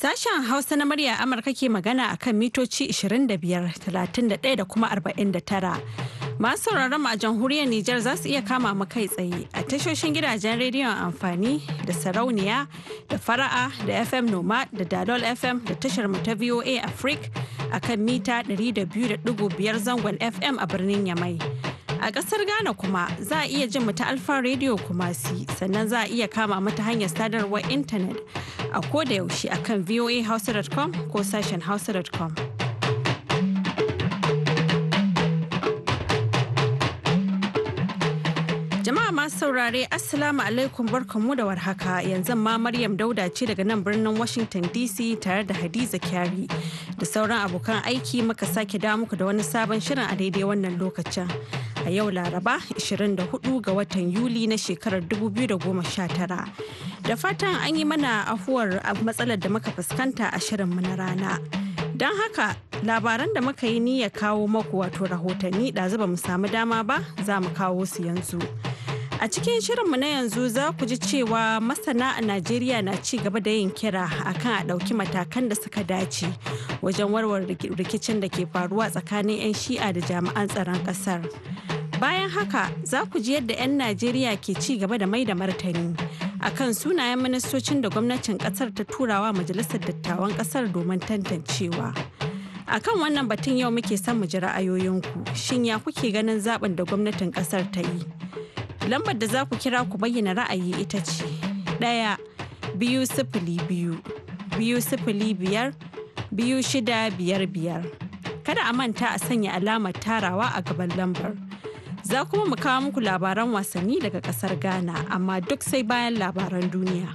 Sashen Hausa na murya Amurka ke magana a kan mitoci 25, 31 da kuma 49. Masu sauraron a jamhuriyar Nijar za su iya kama mu kai tsaye a tashoshin gidajen rediyon amfani da sarauniya da fara'a da FM Noma da Dalol FM da tashar mu ta VOA Africa a kan mita 200.5 zangon FM a birnin Yamai. A ƙasar Ghana kuma za a iya jin mata Alfa Radio Kumasi sannan za a iya kama mata hanyar sadarwar intanet a koda yaushe a kan voahouse.com ko sashen hausa.com. Jama'a masu saurare Assalamu alaikum barkanmu da warhaka yanzu ma Maryam Dauda ce daga nan birnin Washington DC tare da Hadiza Kyari da sauran abokan aiki muka sake da da wani sabon shirin a daidai wannan lokacin. a yau Laraba 24 ga watan Yuli na shekarar 2019. Da fatan an yi mana afuwar matsalar da muka fuskanta a shirin na rana. Don haka labaran da muka yi niyya kawo maku wato rahotanni da zuba mu samu dama ba za mu kawo su yanzu. A cikin shirinmu na yanzu za ku ji cewa masana a Najeriya na ci gaba da yin kira akan a ɗauki matakan da suka dace wajen warware rikicin da ke faruwa tsakanin 'yan shi'a da jami'an tsaron ƙasar. Bayan haka za ku ji yadda 'yan Najeriya ke ci gaba da mai da martani akan sunayen ministocin da gwamnatin ƙasar ta turawa majalisar dattawan ƙasar domin tantancewa. A kan wannan batun yau muke son mu ji ra'ayoyinku shin ya kuke ganin zaɓin da gwamnatin ƙasar ta yi Lambar da za ku kira ku bayyana ra'ayi ita ce ɗaya biyu sifili biyu biyu sifili biyar biyu shida biyar biyar. Kada a manta a sanya alamar tarawa a gaban lambar. Za kuma mu kawo muku labaran wasanni daga ƙasar Ghana amma duk sai bayan labaran duniya.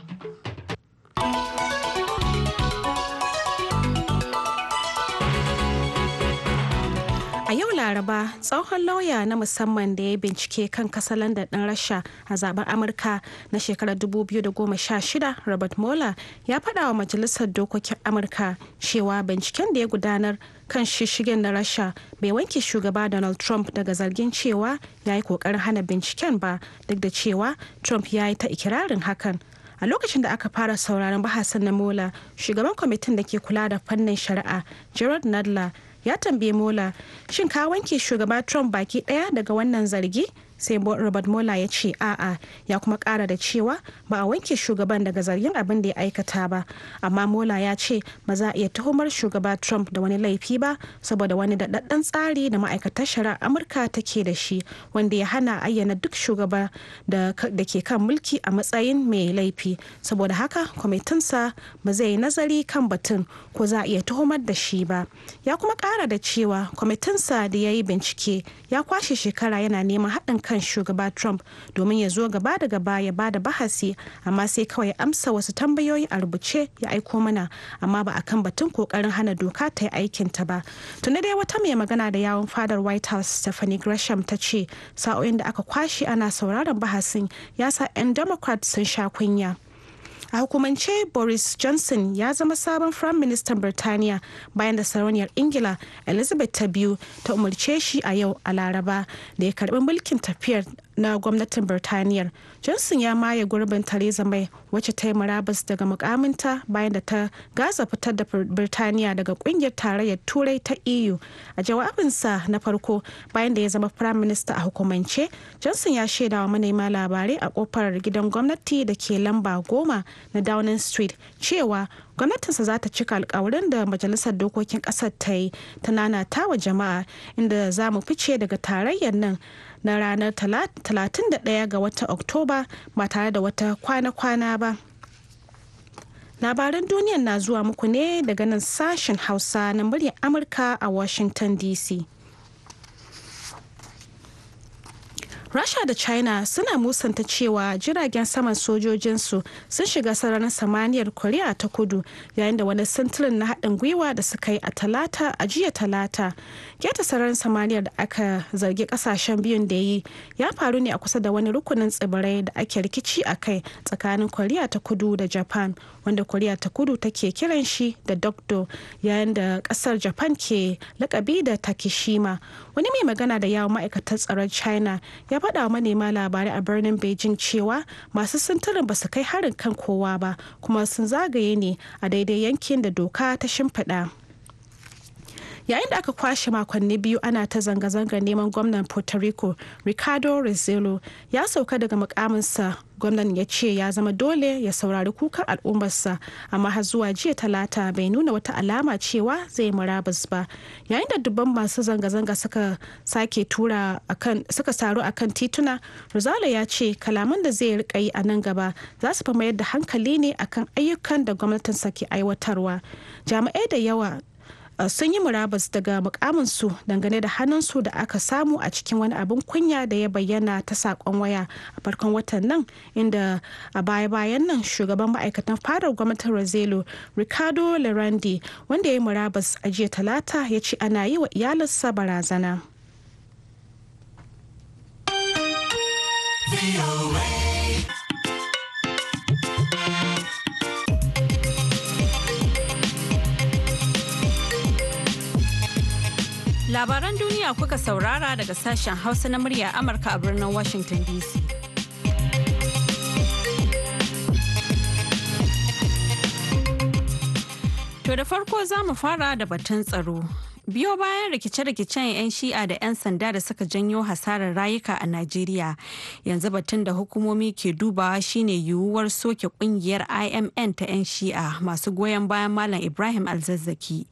A yau Laraba tsohon lauya na musamman da ya bincike kan kasalandar ɗan Rasha a zaben Amurka na shekarar 2016 Robert Mueller ya faɗa wa Majalisar Dokokin Amurka cewa binciken da ya gudanar kan shishigen na Rasha bai wanke shugaba Donald Trump daga zargin cewa ya yi ƙoƙarin hana binciken ba duk da cewa Trump ya yi ta ikirarin hakan. a lokacin da aka fara sauraron bahasan na mola shugaban kwamitin da ke kula da fannin shari'a gerard nadler ya tambaye mola shin ka wanke shugaba trump baki daya daga wannan zargi sai robert mola ya ce a'a ya kuma kara da cewa ba a wanke shugaban daga zargin abin da ya aikata ba amma mola ya ce ba za a iya tuhumar shugaba trump da wani laifi ba saboda wani daɗaɗɗen tsari da ma'aikatar shari'ar amurka take da shi wanda ya hana ayyana duk shugaba da ke kan mulki a matsayin mai laifi saboda haka kwamitinsa ba zai yi nazari kan batun ko za a iya tuhumar da shi ba ya kuma kara da cewa kwamitinsa da ya yi bincike ya kwashe shekara yana neman haɗin kan shugaba trump domin ya zo gaba da gaba ya ba da bahasi amma sai kawai amsa wasu tambayoyi a rubuce ya aiko mana amma ba akan batun kokarin hana doka ta yi aikin ta ba tuni dai wata mai magana da yawon fadar white house stephanie gresham ta ce sa'o'in da aka kwashe ana sauraron bahasin ya sa 'yan democrat sun sha kunya a hukumance boris johnson ya zama sabon prime ministan birtaniya bayan da sarauniyar ingila elizabeth ta biyu ta umarce shi a yau a laraba da ya karbi mulkin tafiyar na gwamnatin birtaniyar johnson ya maye gurbin theresa mai wacce ta yi murabus daga mukaminta bayan da ta gasa fitar da birtaniya daga kungiyar tarayyar turai ta eu a jawabinsa na farko bayan da ya zama prime minister a hukumance johnson ya shaida wa manema labarai a kofar gidan gwamnati da ke lamba goma na downing street cewa gwamnatinsa za ta cika alkawarin da majalisar dokokin kasar ta yi ta nana ta wa jama'a inda za mu fice daga tarayyar nan na ranar 31 ga watan oktoba ba tare da wata kwana-kwana ba labaran duniyan na zuwa muku ne daga nan sashen hausa na muryar amurka a washington dc rasha da china suna musanta cewa jiragen saman sojojinsu sun shiga sararin samaniyar korea ta kudu yayin da wani sintirin na haɗin gwiwa da suka yi a talata a jiya talata keta sararin samaniyar da aka zargi kasashen biyun da yi ya faru ne a kusa da wani rukunin tsibirai da ake rikici a kai tsakanin korea ta kudu da japan wanda korea ta kudu take kiran shi da dokdo yayin da kasar japan ke lakabi da takishima wani mai magana da yawon ma'aikatar tsaron china ya faɗa manema labarai a birnin beijing cewa masu sintirin ba su kai harin kan kowa ba kuma sun zagaye ne a daidai yankin da doka ta shimfiɗa. yayin da aka kwashe makonni biyu ana ta zanga-zangar neman gwamnan puerto rico ricardo rizzolo ya sauka daga mukaminsa gwamnan ya ce ya zama dole ya saurari kukan al'ummarsa amma har zuwa jiya talata bai nuna wata alama cewa zai murabus ba yayin da dubban masu zanga-zanga suka sake tura suka akan tituna rosalo ya ce kalaman da zai rika yi a nan gaba za su fi mayar da hankali ne akan ayyukan da gwamnatinsa ke aiwatarwa jami'ai da yawa sun yi murabas daga mukaminsu dangane da hannunsu da aka samu a cikin wani abin kunya da ya bayyana ta sakon waya a farkon watan nan inda a baya-bayan nan shugaban ma'aikatan fadar gwamnatin razelo ricardo lerandi wanda ya yi murabas a jiya talata ya ce ana yi wa iyalinsa barazana. duniya kuka saurara daga sashen Hausa na murya Amurka a birnin Washington DC. To da farko za mu fara da batun tsaro. biyo bayan rikice-rikicen 'yan shi'a da 'yan sanda da suka janyo hasarar rayuka a najeriya yanzu batun da hukumomi ke dubawa shine yiwuwar soke kungiyar imn ta 'yan shi'a masu goyon bayan malam ibrahim alzazzaki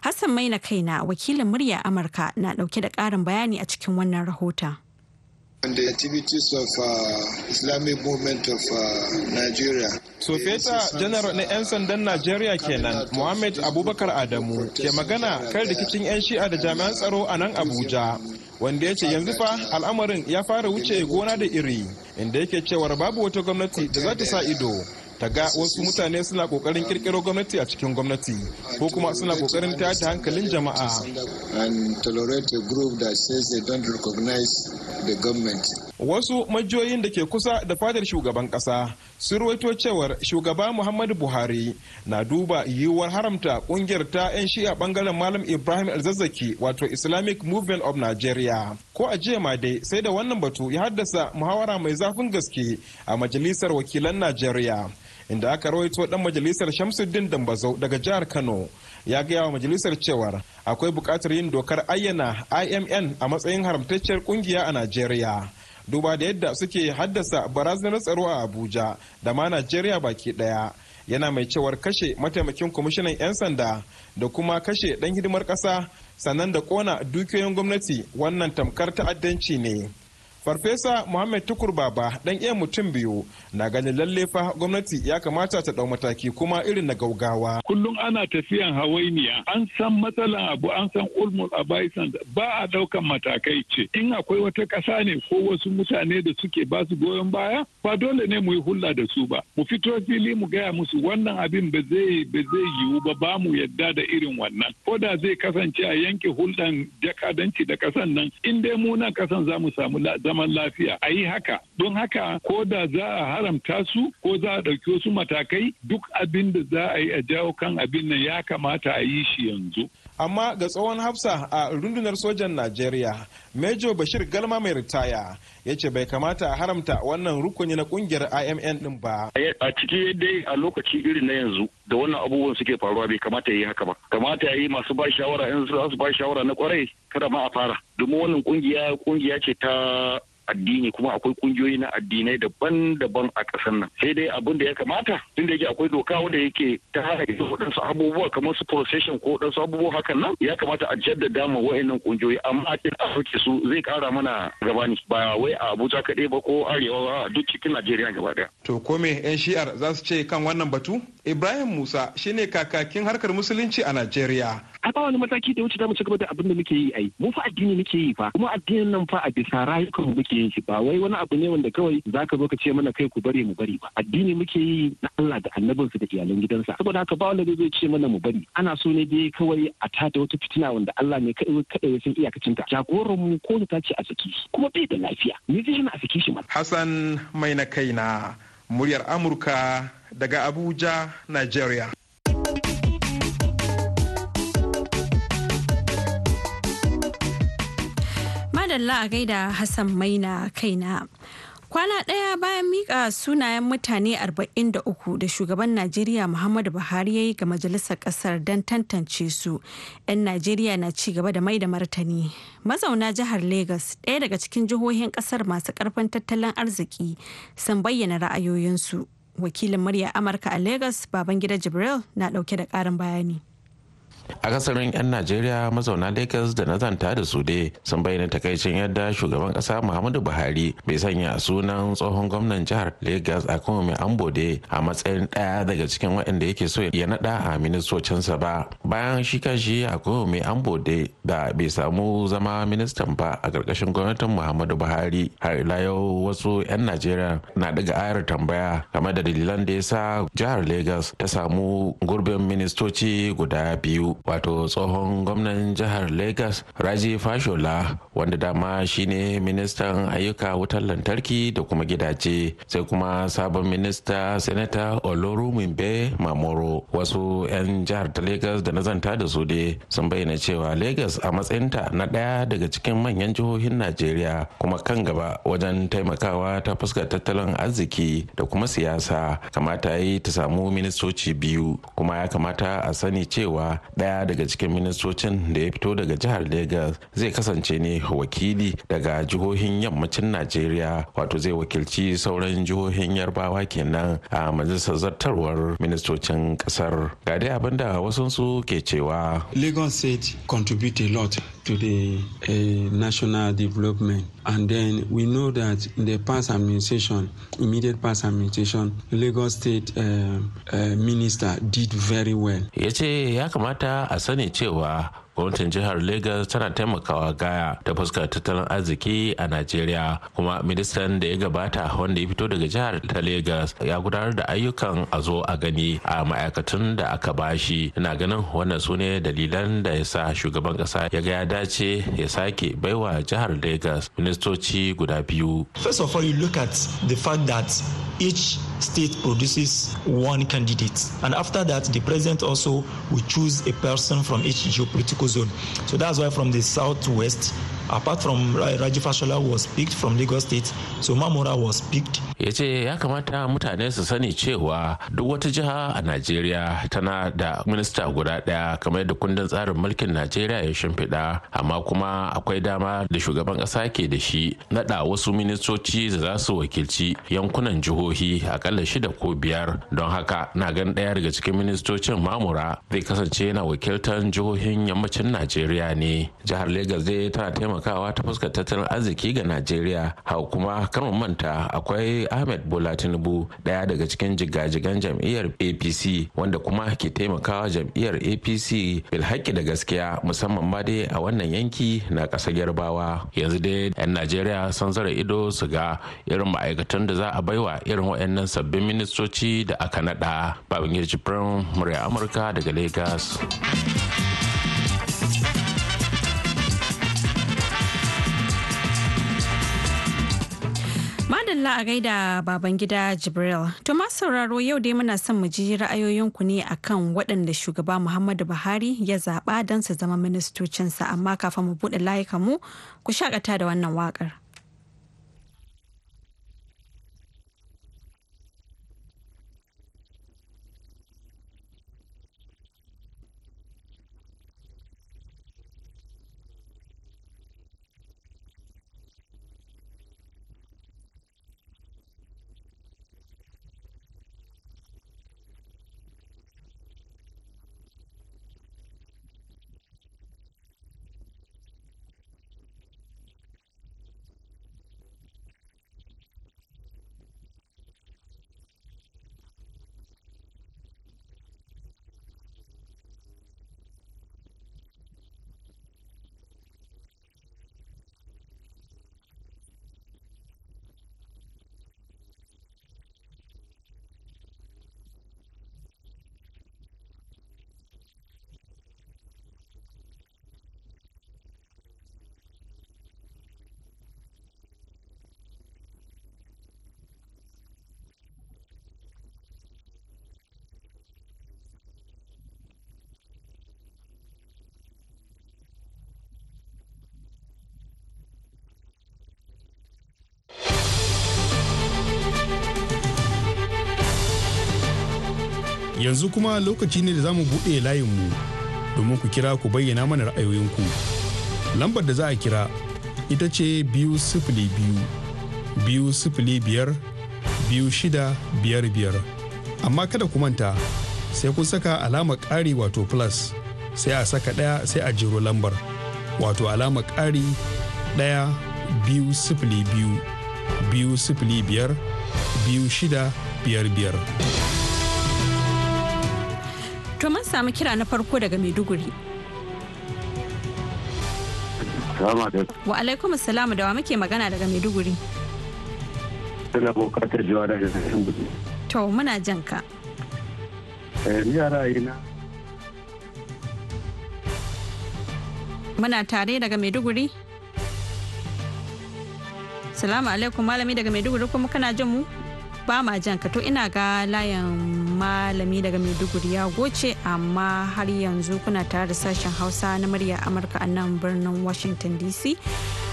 hassan mai maina kaina wakilin murya amurka na dauke da karin bayani a cikin wannan rahoton and the activities of uh, Islamic movement of uh, Nigeria. Sofeta janar na uh, 'yan sandan Najeriya kenan Muhammad Abubakar Adamu ke magana kan rikicin 'yan shi'a da jami'an tsaro a nan Abuja. Wanda ya ce yanzu fa al'amarin ya fara wuce gona da iri inda yake cewar babu wata gwamnati da za ta sa ido ta ga wasu mutane suna kokarin kirkiro gwamnati a cikin gwamnati ko kuma suna kokarin tada hankalin jama'a wasu majiyoyin da ke kusa da fadar shugaban kasa sun ruwaito cewar shugaba muhammadu buhari na duba yiwuwar haramta kungiyar ta 'yan shi'a bangaren malam ibrahim alzazzaki wato islamic movement of nigeria ko a jiya ma dai sai da wannan batu ya haddasa muhawara mai zafin gaske a majalisar wakilan nigeria inda aka rawaito dan majalisar Shamsuddin Dambazau daga jihar Kano ya gaya wa majalisar cewar akwai bukatar yin dokar ayyana IMN a matsayin haramtacciyar kungiya a Najeriya. Duba da yadda suke haddasa barazanar tsaro a Abuja da ma Najeriya baki ɗaya. Yana mai cewar kashe mataimakin kwamishinan 'yan sanda da kuma kashe dan hidimar ƙasa sannan da kona dukiyoyin gwamnati wannan tamkar ta'addanci ne. Farfesa Muhammad Tukur Baba dan iya mutum biyu na ganin lalle fa gwamnati ya kamata ta dau mataki kuma irin na gaugawa. Kullum ana tafiyan hawainiya an san matsalan abu an san ulmul abaisan ba a daukan matakai ce in akwai wata kasa ne ko wasu mutane da suke ba su goyon baya ba dole ne mu yi hulla da su ba mu fito fili mu gaya musu wannan abin ba zai ba zai yiwu ba ba mu yadda da irin wannan ko da zai kasance a yanke hulɗan jakadanci da ƙasan nan in dai mu nan kasan za mu samu zaman lafiya a yi haka don haka ko da za a haramta su ko za a ɗauki wasu matakai duk abin da za a yi a jawo kan abin nan ya kamata a yi shi yanzu amma ga tsohon hafsa a rundunar sojan najeriya Major bashir galma mai ritaya ya ce bai kamata a haramta wannan rukuni na kungiyar imn din ba a ciki dai a lokaci irin na yanzu da wannan abubuwan suke faruwa bai kamata ya yi haka ba kamata ya yi masu ba shawara yanzu su ba shawara na kwarai kada ma a fara domin wannan kungiya kungiya ce ta addini kuma akwai kungiyoyi na addinai daban-daban a ƙasar nan sai dai abin da ya kamata tun da yake akwai doka wanda yake ta hana waɗansu abubuwa kamar su procession ko waɗansu abubuwa hakan nan ya kamata a jaddada ma wa'annan kungiyoyi amma a cikin afirka su zai kara mana gaba ni. ba wai a abuja kaɗai ba ko arewa ba duk cikin najeriya gaba ɗaya. to ko me yan shi'ar za su ce kan wannan batu ibrahim musa shine kakakin harkar musulunci a najeriya A ba wani mataki da wuce da mu ci gaba da abin da muke yi ai mu fa addini muke yi fa kuma addinin nan fa a bisa rayukan mu muke yin shi ba wai wani abu ne wanda kawai za ka zo ka ce mana kai ku bari mu bari ba addini muke yi na Allah da annabinsa da iyalan gidansa saboda haka ba wani zai ce mana mu bari ana so ne dai kawai a tada wata fitina wanda Allah ne kadai ya san iyakacin ta jagoran mu ko ta ce a saki kuma bai da lafiya ni zai hana a saki shi ma Hassan mai na kaina muryar Amurka daga Abuja Nigeria madalla a gaida Hassan Maina kaina. Kwana ɗaya bayan mika sunayen mutane 43 da shugaban Najeriya Muhammadu Buhari ya yi ga majalisar ƙasar don tantance su, 'yan Najeriya na ci gaba da mai da martani. Mazauna jihar Legas, ɗaya daga cikin jihohin ƙasar masu ƙarfin tattalin arziki, sun bayyana ra'ayoyinsu. Wakilin murya Amurka a Legas, Babangida Jibril, na ɗauke da ƙarin bayani. A kasarin 'yan najeriya mazauna lagos da na zanta da su dai sun bayyana takaicin yadda shugaban kasa muhammadu buhari bai sanya sunan tsohon gwamnan jihar lagos a kuma mai ambode a matsayin daya daga cikin waɗanda yake so ya naɗa a ministocinsa ba bayan shi kanshi a kuma mai ambode da bai samu zama ministan ba a ƙarƙashin gwamnatin muhammadu buhari har ila yau wasu 'yan najeriya na daga ayar tambaya game da dalilan da ya sa jihar lagos ta samu gurbin ministoci guda biyu wato tsohon gwamnan jihar lagos raji fashola wanda dama shine ministan ayyuka wutar lantarki da kuma gidaje sai kuma sabon minista senator olorumimbe mamoro wasu 'yan jihar ta lagos da nazanta da su dai sun bayyana cewa lagos a matsayinta na ɗaya daga cikin manyan jihohin najeriya kuma kan gaba wajen taimakawa ta fuskar tattalin arziki da kuma siyasa kamata yi ta samu ministoci biyu kuma ya kamata a sani cewa daya daga cikin ministocin da ya fito daga jihar lagos zai kasance ne wakili daga jihohin yammacin najeriya wato zai wakilci sauran jihohin yarbawa kenan a majalisar zartarwar ministocin kasar ga dai abin da su ke cewa lagos state contribute a lot to the uh, national development and then we know that in the past administration immediate past administration lagos state uh, uh, minister did very well ya ce ya kamata kamata a sani cewa gwamnatin jihar lagos tana taimakawa gaya ta fuskar tattalin arziki a najeriya kuma ministan da ya gabata wanda ya fito daga jihar ta lagos ya gudanar da ayyukan a zo a gani a ma'aikatun da aka bashi ina ganin wannan su ne dalilan da ya sa shugaban kasa ya ga ya dace ya sake baiwa jihar lagos ministoci guda biyu first of all you look at the fact that each state produces one candidate. And after that, the president also will choose a person from each geopolitical zone. So that's why from the southwest, apart from Raji Fashola was picked from Lagos State, so Mamora was picked. Ya ce ya kamata mutane su sani cewa duk wata jiha a Najeriya tana da minista guda ɗaya kamar da kundin tsarin mulkin Najeriya ya shimfiɗa, amma kuma akwai dama da shugaban ƙasa ke da shi naɗa wasu ministoci da za su wakilci yankunan jihohi a akalla shida ko biyar don haka na gan ɗaya daga cikin ministocin mamura zai kasance yana wakiltar jihohin yammacin najeriya ne jihar Legas dai tana taimakawa ta fuskar tattalin arziki ga najeriya hau kuma kan manta akwai ahmed bola tinubu daya daga cikin jigajigan jam'iyyar apc wanda kuma ke taimakawa jam'iyyar apc bilhaki da gaskiya musamman ma dai a wannan yanki na ƙasar yarbawa yanzu dai 'yan najeriya sun zara ido su ga irin ma'aikatan da za a baiwa irin waɗannan sabbin ministoci da aka nada babangir jibrin murya amurka daga lagos Allah a gaida baban gida jibril to masu sauraro yau dai muna son mu ji ra'ayoyinku ne akan waɗanda shugaba muhammadu buhari ya zaɓa don su zama ministocinsa amma kafin mu buɗe layukan mu ku shakata da wannan waƙar. yanzu kuma lokaci ne da za mu buɗe layinmu domin ku kira ku bayyana mana ra'ayoyinku lambar da za a kira ita ce biyu sifili biyu biyu sifili biyar biyu shida amma kada ku manta sai kun saka alama ƙari wato plus sai a saka ɗaya sai a jiro lambar wato alama ƙari ɗaya biyu sifili biyu biyu sifili biyar biyu shida biyar biyar. samu kira na farko daga Maiduguri. Wa alaikum salamu da wa muke magana daga Maiduguri. Tana bukatar jiwa daga Maiduguri. To muna janka. ka. Eh, ni a ra'ayina. Muna tare daga Maiduguri. Salamu alaikum malami daga Maiduguri kuma kana jin mu? ba ma jan ka to ina ga layan malami daga maiduguri ya goce amma har yanzu kuna tare da sashen hausa na murya amurka a nan birnin washington dc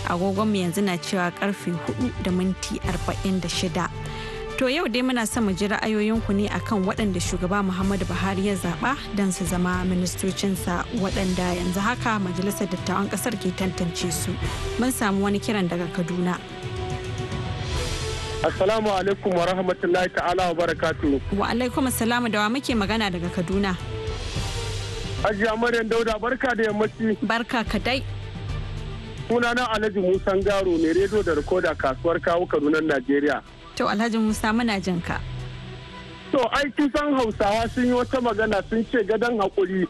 agogonmu yanzu na cewa karfe 4 da minti 46 to yau dai muna son mu ji ra'ayoyinku ne akan waɗanda shugaba muhammadu buhari ya zaɓa don su zama ministocinsa waɗanda yanzu haka majalisar dattawan ƙasar ke tantance su mun samu wani kiran daga kaduna Assalamu alaikum wa rahmatullahi ta'ala wa barakatu. Wa alaikum assalamu da wa muke magana daga Kaduna. ajiya Maryam Dauda barka da yammaci. Barka kadai. Sunana Alhaji Musa Garo ne rediyo da rikoda kasuwar kawo Kaduna Najeriya. To Alhaji Musa muna jin ka. To ai san Hausawa sun yi wata magana sun ce gadon hakuri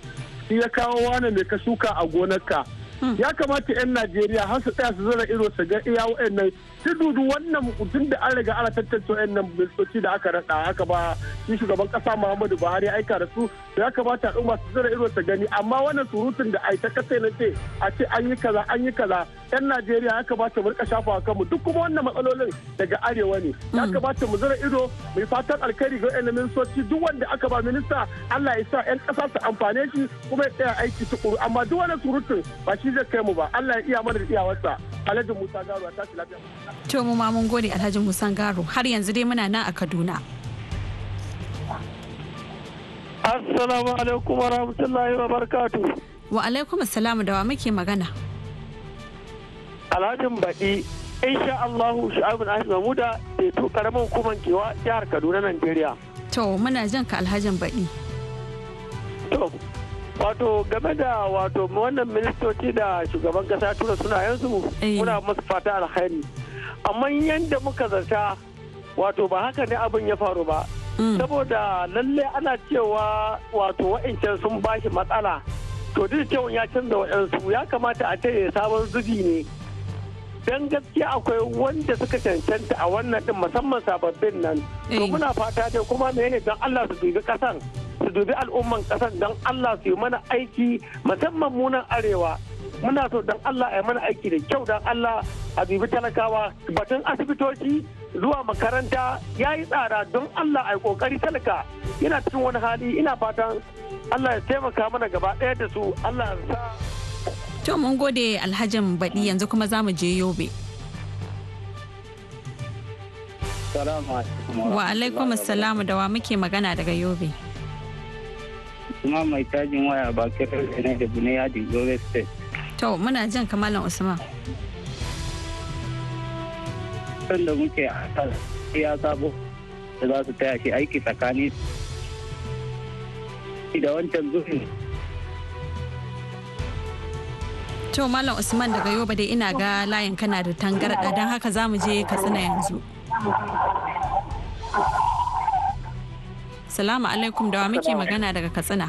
shi ya kawo wani mai ka shuka a gonarka. Hmm. Ya kamata 'yan Najeriya har su tsaya su zara ido su ga iya waɗannan shi dudu wannan tun da an riga ana tattace wayannan ministoci da aka rada aka ba shi shugaban kasa Muhammadu Buhari aika da su da ya kamata al'umma su zira irin ta gani amma wannan surutun da ai ta kasa na ce a ce an yi kaza an yi kaza yan Najeriya ya kamata mu rika shafa kanmu duk kuma wannan matsalolin daga arewa ne ya mm. kamata mu zira ido mu fatan alkhairi ga wayannan ministoci duk wanda aka ba minista Allah ya sa yan kasa su amfane shi kuma ya tsaya aiki tukuru amma duk wannan surutun ba shi zai kai mu ba Allah ya iya mana da iyawarsa Alhaji Musa Garuwa ta lafiya To mu ma mun gode Alhaji Musan Garo har yanzu dai muna nan a Kaduna. Assalamu alaikum wa rahmatullahi wa barakatu. Wa alaikum assalamu da wa muke magana. Alhajin baɗi insha Allahu Shu'aibun Ahmed Mahmuda da to karamin hukumar kewa jihar Kaduna nigeria. To muna jan ka alhajin baɗi. To wato game da wato wannan ministoci da shugaban kasa tura suna yanzu eh. muna musu fata alkhairi. amma yadda muka zata wato ba haka ne abin ya faru ba hmm. saboda lalle ana cewa wato wa'incan sun ba shi matsala to duk kyau ya canza wa'ansu ya kamata a ce sabon zubi ne don gaskiya akwai wanda suka cancanta a wannan din musamman sababbin nan to eh. muna fata dai kuma me ne don Allah su dubi kasan su dubi al'umman kasan don Allah su yi mana aiki musamman munan arewa muna so don Allah ya mana aiki da kyau dan Allah a bibi talakawa batun asibitoci zuwa makaranta ya yi tsara don Allah a kokari talaka ina cikin wani hali ina fatan Allah ya taimaka mana gaba ɗaya da su Allah sa. To mun gode alhajin baɗi yanzu kuma za mu je yobe. Wa alaikum assalamu da wa muke magana daga yobe. Kuma mai tajin waya ba kira ne da yadin Yobe State. to muna jin kamalan usman kan da muke a kan ya sabo da za su taya shi aiki tsakani da wancan zuhin to malam usman daga yoba dai ina ga layin kana da tangarɗa don haka za mu je katsina yanzu salamu alaikum da wa muke magana daga katsina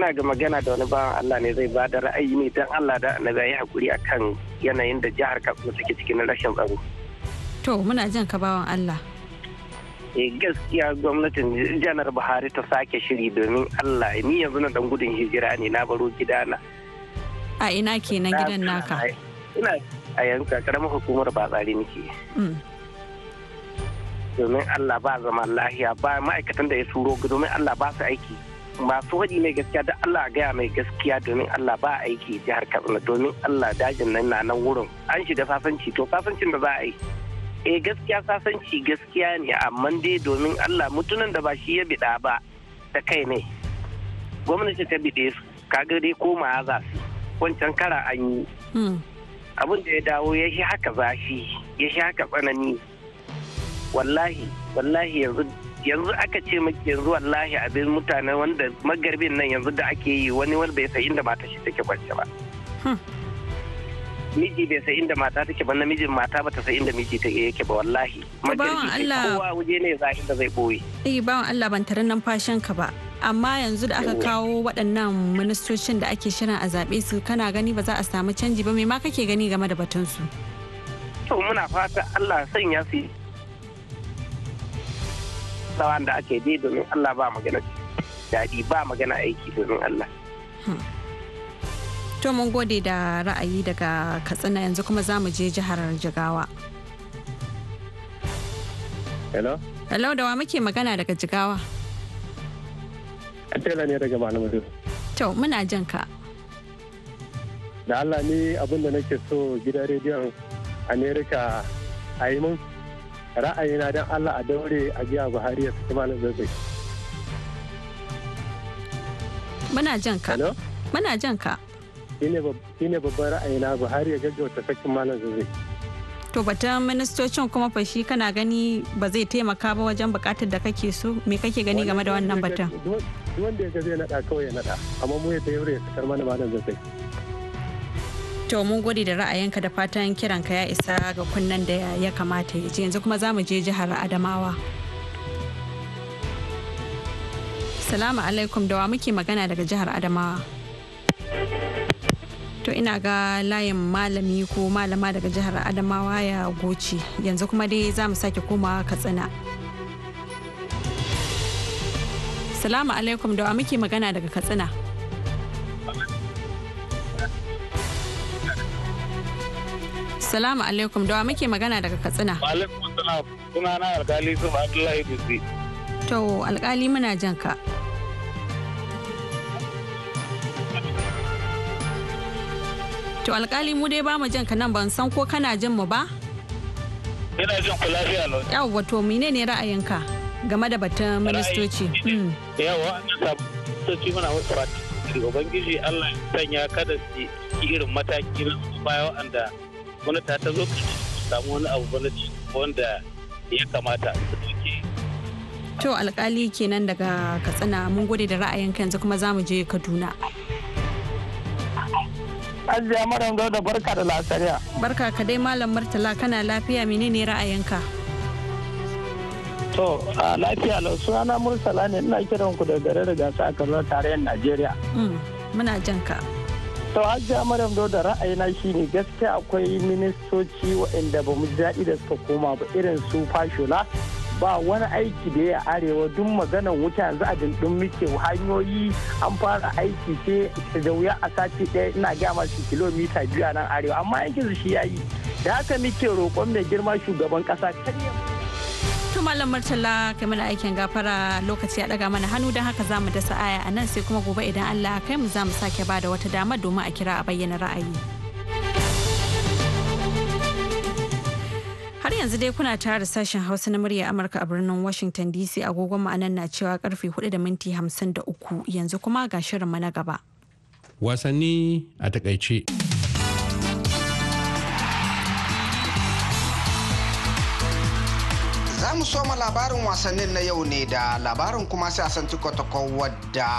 ina ga magana da wani bawan Allah ne zai ba da ra'ayi ne don Allah da annabi yi hakuri akan yanayin da jihar Kaduna take cikin rashin tsaro. To muna jan ka bawan Allah. e gaskiya gwamnatin janar buhari ta sake shiri domin allah ni yanzu na dan gudun hijira ne na baro gidana a ina kenan gidan naka ina a yanzu karamar hukumar ba tsari nake mm. domin allah ba zaman lahiya ba ma'aikatan da ya turo domin allah ba su aiki masu waɗi mai gaskiya da Allah gaya mai gaskiya domin Allah ba aiki jihar Kaduna domin Allah dajin nan na nan wurin an shiga sasanci to sasancin da za a yi eh gaskiya sasanci gaskiya ne amma dai domin Allah mutunan da ba shi ya bida ba da kai ne gwamnati ta bide su kaga dai koma za su wancan kara an yi hmm. abin da ya dawo ya shi haka zafi ya shi haka tsanani wallahi wallahi yanzu yanzu aka ce maki yanzu wallahi abin mutane wanda magarbin nan yanzu da ake yi wani wani bai sai inda mata shi take kwance ba hmm. miji bai sai inda mata take ba namijin mata ba ta sai inda miji take yake ba wallahi magarbi kowa waje ne za zai boye eh bawan Allah ban tarin numfashin ka ba amma yanzu da aka kawo waɗannan ministocin da ake shirin a zaɓe su kana gani ba za a samu canji ba mai ma kake gani game da batun su to muna fata Allah sanya su tsawan da ake yi domin Allah ba magana daɗi ba magana aiki domin Allah. To mun gode da ra'ayi daga Katsina yanzu kuma za mu je jihar Jigawa. Hello? Hello da wa muke magana daga Jigawa? Tela ne daga Malam To muna jan ka. Da Allah ne abinda nake so gidan rediyon Amerika a yi mun ra'ayina don Allah a daure a jiya Buhari ya saki malam zai Muna jan ka. Muna jan ka. Shi ne babban ra'ayina Buhari ya gaggauta sakin malam zai To batun ministocin kuma fa shi kana gani ba zai taimaka ba wajen bukatar da kake so me kake gani game da wannan batun. Wanda ya ga zai naɗa kawai ya naɗa amma mu ya ta yaure ya fitar mana malam zai to mun gode da ra'ayinka da fatan kiranka ya isa ga kunnan da ya kamata ya ji yanzu kuma za mu je jihar adamawa salamu alaikum da wa muke magana daga jihar adamawa to ina ga layin malami ko malama daga jihar adamawa ya goce yanzu kuma dai za mu sake komawa katsina salamu alaikum da wa muke magana daga katsina Assalamu alaikum dawa muke magana daga Katsina. Alaikum assalam suna na alkali su Abdullahi Dutse. To alkali muna jan ka. To alkali mu dai ba mu jan ka nan ban san ko kana jin mu ba? Ina jin ku lafiya lau. Yawwa to menene ra'ayinka game da batun ministoci? Hmm. Yawa an ministoci muna wasu fata. Ubangiji Allah ya sanya kada su yi irin mataki na baya wa'anda gwamnati ta zo samu wani abu gwamnati wanda ya kamata su dauke. To alkali kenan daga Katsina mun gode da ra'ayin yanzu kuma za mu je Kaduna. Ajiya maran da barka da lasariya. Barka ka dai Malam Murtala kana lafiya menene ra'ayinka? To a lafiya lau sunana Murtala ne ina kiran ku da gare da gasa a Kaduna tarayyar Najeriya. Mm, muna jan ka. to hajji do da ra'ayina ne gaskiya akwai ministoci waɗanda ba mu daɗi da suka koma ba irin su fashola ba wani aiki da ya arewa duk maganan wuta yanzu a dindin muke hanyoyi an fara aiki ce da wuya a sati ɗaya ina gaya masu kilomita biyu a nan arewa amma yankin shi ya yi da haka muke roƙon mai girma shugaban ƙasa kan to malam martala kai mana aikin gafara lokaci ya daga mana hannu don haka za mu dasa aya a nan sai kuma gobe idan allah kai mu za mu sake bada wata dama domin a kira a bayyana ra'ayi har yanzu dai kuna tare da sashen hausa na murya amurka a birnin washington dc agogon ma'anan na cewa karfe 4 da minti 53 yanzu kuma ga shirin na gaba wasanni a takaice. soma labarin wasannin na yau ne da labarin kuma sai a san wadda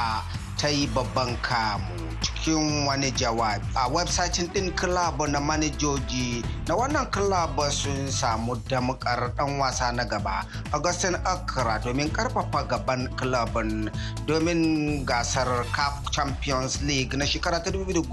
ta yi babban kamu cikin wani jawabi a websitin din club na manajoji na wannan club sun samu damukar dan wasa na gaba augustin Akra domin karfafa gaban club domin gasar cup champions league na shekara ta 2019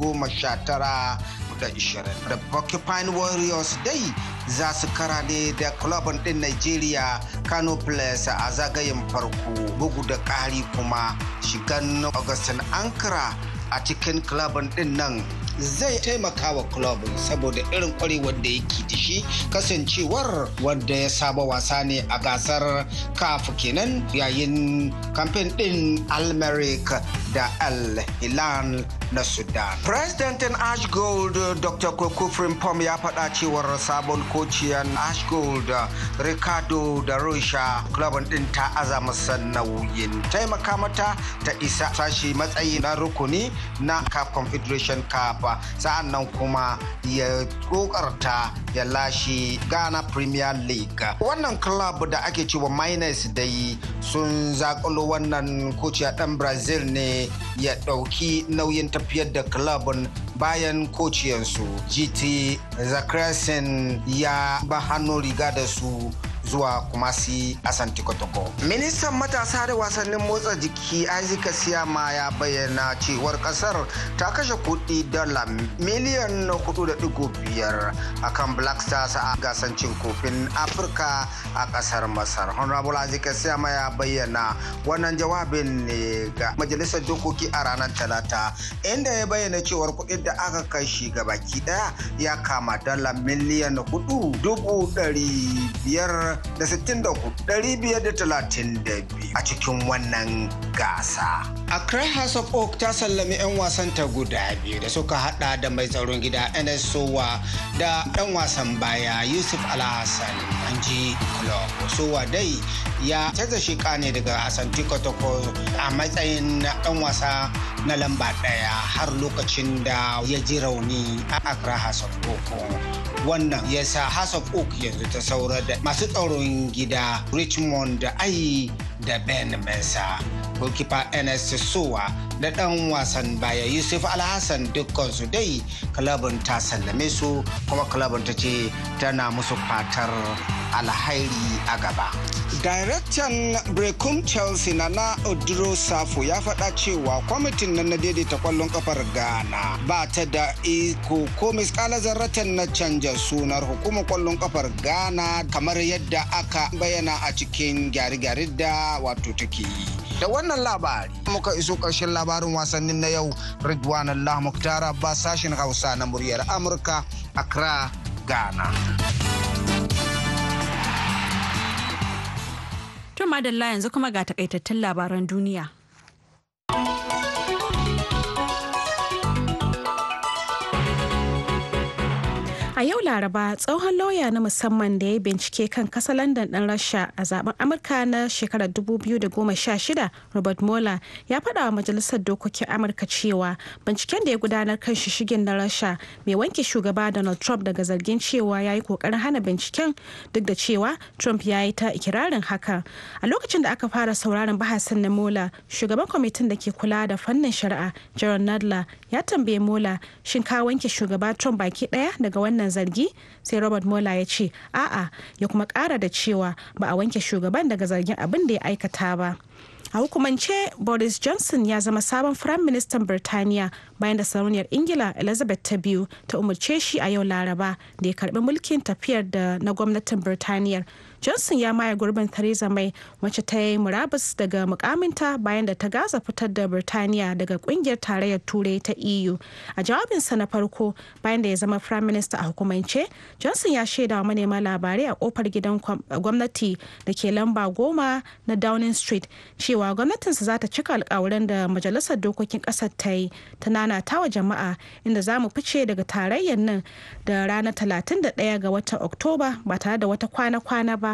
da 20 da porcupine warriors dai za su kara ne da kulabin din nigeria kano plus a zagayen farko bugu da kari kuma shigan augustin ankara a cikin kulabin din nan zai taimaka wa club saboda irin kwarewar da yake da shi kasancewar wanda ya saba wasa ne a gasar kaf kenan yayin kamfen din almeric da al hilal na Sudan. Presidentin Ashgold uh, Dr. Kofi Pom ya faɗa cewar sabon kociyan Ashgold uh, Ricardo da Rusha klubin ɗin ta azama sannan taimaka mata ta isa sashi matsayi na rukuni na CAF Confederation Cup sa'an kuma ya kokarta ya lashe Ghana Premier League. Wannan club da ake cewa da dai sun zakalo wannan kociya dan brazil ne ya ɗauki nauyin tafiyar da klabin bayan kociyarsu gt zakrasin ya ba hannu riga da su zuwa kumasi asanti kotoko ministan matasa da wasannin motsa jiki isaac siyama ya bayyana cewar kasar ta kashe kuɗi dala miliyan 4.5 akan black stars a gasan cin kofin afirka a kasar masar honorable isaac siyama ya bayyana wannan jawabin ne ga majalisar dokoki a ranar talata inda ya bayyana cewar kuɗin da aka kashi gabaki daya ya kama dala miliyan 4.5 biyar da 63,532 a cikin wannan gasa. A Accra House of Oak ta sallami 'yan wasanta guda biyu da suka hada da mai tsaron gida NS Sowa da ɗan wasan baya Yusuf Alhassan an ji club. Sowa dai ya canza shi ne daga Asanti Kotoko a matsayin ɗan wasa na lamba ɗaya har lokacin da ya ji rauni a Accra House of Oak. Wannan ya sa House of Oak yanzu ta saura da masu tsaron tsaron gida richmond da ai da ben mensa goalkeeper ns sowa da dan wasan baya yusuf alhassan dukkansu dai kalabin ta sallame su kuma kalabin ta ce tana musu fatar alhairi a gaba Daraktan Brekum Chelsea na na Oduro Safo ya faɗa cewa kwamitin nan na daidaita kwallon kafar Ghana ba ta da iko ko miskalar zarratan na canja sunar hukumar kwallon kafar Ghana kamar yadda aka bayyana a cikin gyare-gyare da wato take yi. da wannan labari muka iso ƙarshen labarin wasannin na yau ridwan allah muktar ba sashen hausa na muryar amurka accra ghana To madalla yanzu kuma ga takaitattun labaran duniya. A yau Laraba tsohon lauya na musamman da ya bincike kan kasa London ɗan Rasha a zaben Amurka na shekarar 2016 Robert Mueller ya faɗa wa Majalisar Dokokin Amurka cewa binciken da ya gudanar kan shishigin na Rasha mai wanke shugaba Donald Trump daga zargin cewa ya yi kokarin hana binciken duk da cewa Trump ya yi ta ikirarin haka. A lokacin da aka fara sauraron bahasin na Mueller, shugaban kwamitin da ke kula da fannin shari'a Jaron Nadler ya tambaye Mueller shin ka wanke shugaba Trump baki ɗaya daga wannan wannan zargi sai robert mola ya ce a'a ya kuma kara da cewa ba a wanke shugaban daga zargin abin da ya aikata ba a hukumance boris johnson ya zama sabon firayim ministan birtaniya bayan da sarauniyar ingila elizabeth ta biyu ta umarce shi a yau laraba da ya karbi mulkin tafiyar da na gwamnatin birtaniyar johnson ya maye gurbin theresa may wacce ta yi murabus daga mukaminta bayan da ta gaza fitar da birtaniya daga kungiyar tarayyar turai ta eu a jawabinsa na farko bayan da ya zama prime minister a hukumance johnson ya shaida wa manema labarai a kofar gidan gwamnati da ke lamba goma na downing street cewa gwamnatinsa za ta cika alkawuran da majalisar dokokin kasar ta yi ta wa jama'a inda za mu fice daga tarayyar nan da ranar 31 ga watan oktoba ba tare da wata kwana-kwana ba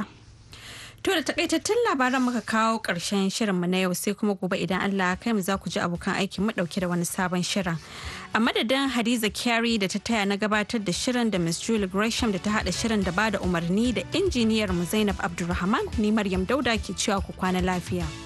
To da takaitattun labaran muka kawo ƙarshen mu na yau sai kuma gobe idan Allah kai mu za ku ji abokan aiki mu ɗauke da wani sabon shirin. A madadin Hadiza Kyari da ta taya na gabatar da shirin da Miss Julie Gresham da ta haɗa shirin da ba da umarni da injiniyar mu Zainab Abdulrahman ni Maryam Dauda ke cewa ku kwana lafiya.